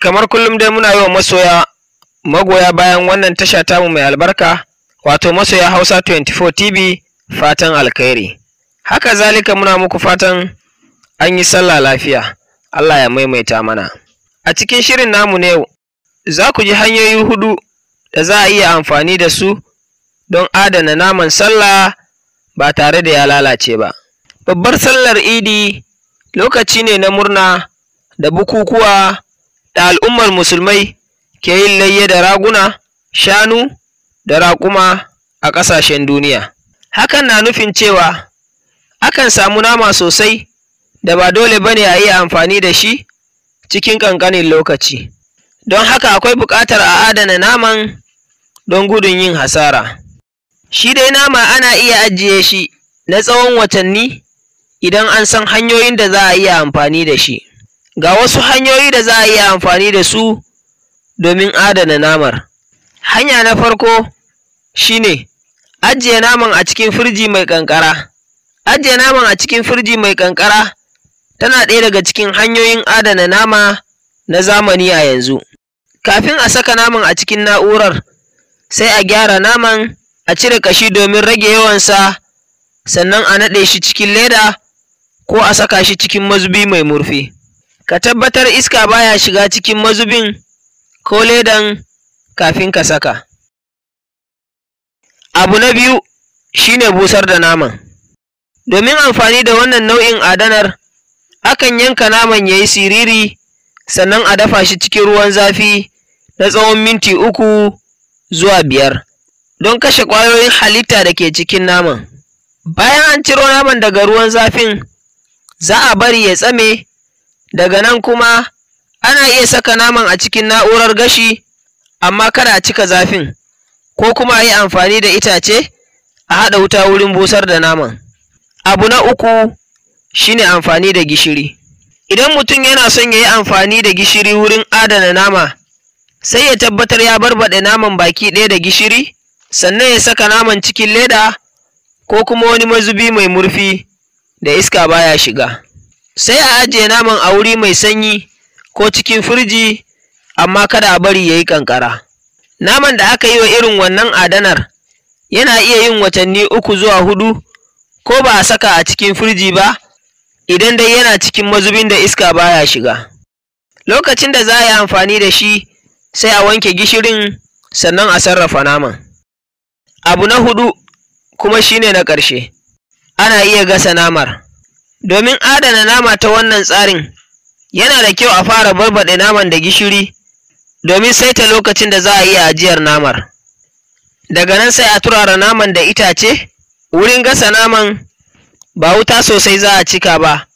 kamar kullum dai muna yi wa masoya magoya bayan wannan tasha tamu mai albarka wato masoya Hausa 24 TV fatan alkhairi. Haka zalika muna muku fatan an yi sallah lafiya. Allah ya maimaita mana. A cikin shirin namu ne za ku ji hanyoyi hudu da za a iya amfani da su don adana naman sallah ba tare da ya lalace ba. Babbar sallar idi lokaci ne na murna da bukukuwa da al'ummar musulmai ke yin layya da raguna shanu da raƙuma a ƙasashen duniya hakan na nufin cewa akan samu nama sosai da ba dole ba ne a iya amfani da shi cikin ƙanƙanin lokaci don haka akwai buƙatar a adana naman don gudun yin hasara shi dai nama ana iya ajiye shi na tsawon watanni idan an san hanyoyin da za a iya amfani da shi Ga wasu hanyoyi da za a iya amfani da su domin adana namar. Hanya na farko shi ne ajiye naman a cikin firji mai ƙanƙara. Ajiye naman a cikin firji mai ƙanƙara tana ɗaya daga cikin hanyoyin adana nama na zamani a yanzu. Kafin a saka naman a cikin na'urar, sai a gyara naman a cire ƙashi domin rage yawansa, sannan a naɗe shi cikin leda ko a saka shi cikin mazubi mai murfi. ka tabbatar iska baya shiga cikin mazubin ko ledan kafin ka saka abu na biyu shine busar da naman domin amfani da wannan nau'in adanar akan yanka naman ya yi siriri sannan a dafa shi cikin ruwan zafi na tsawon minti uku zuwa biyar don kashe ƙwayoyin halitta da ke cikin naman bayan an ciro naman daga ruwan zafin za a bari ya tsame daga nan kuma ana iya saka naman a cikin na'urar gashi amma kada a cika zafin ko kuma a yi amfani da itace a haɗa wuta wurin busar da naman abu na uku shine amfani da gishiri idan mutum yana son ya yi amfani da gishiri wurin adana nama sai ya tabbatar ya barbaɗe naman baki ɗaya da gishiri sannan ya saka naman cikin leda ko kuma wani mazubi mai murfi da iska baya shiga sai a ajiye naman a wuri mai sanyi ko cikin firji amma kada a bari ya yi ƙanƙara. Naman da aka yi wa irin wannan adanar yana iya yin watanni uku zuwa hudu ko ba a saka a cikin firji ba idan dai yana cikin mazubin da iska baya shiga. Lokacin da za a yi amfani da shi sai a wanke gishirin sannan a sarrafa naman. Abu na hudu kuma shine na ƙarshe, ana iya gasa namar. Domin adana nama ta wannan tsarin, yana da kyau a fara barbaɗe naman da gishiri domin saita lokacin da za a iya ajiyar namar. Daga nan sai a turara naman da itace, wurin gasa naman ba wuta sosai za a cika ba,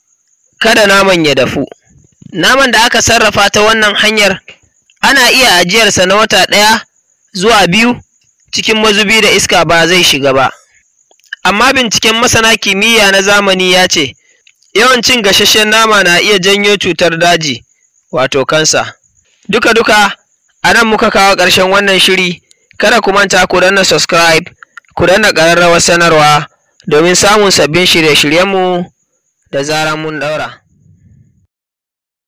kada naman ya dafu. Naman da aka sarrafa ta wannan hanyar ana iya ajiyarsa na wata ɗaya zuwa biyu cikin mazubi da iska ba zai shiga ba. Amma binciken masana kimiyya na zamani ya ce, Yawan cin gasasshen nama na iya janyo cutar daji, wato kansa. Duka-duka, a nan muka kawo ƙarshen wannan shiri, kada ku manta ku danna subscribe, ku danna ƙararrawar sanarwa domin samun sabbin shirye-shiryenmu da zarar mun ɗaura.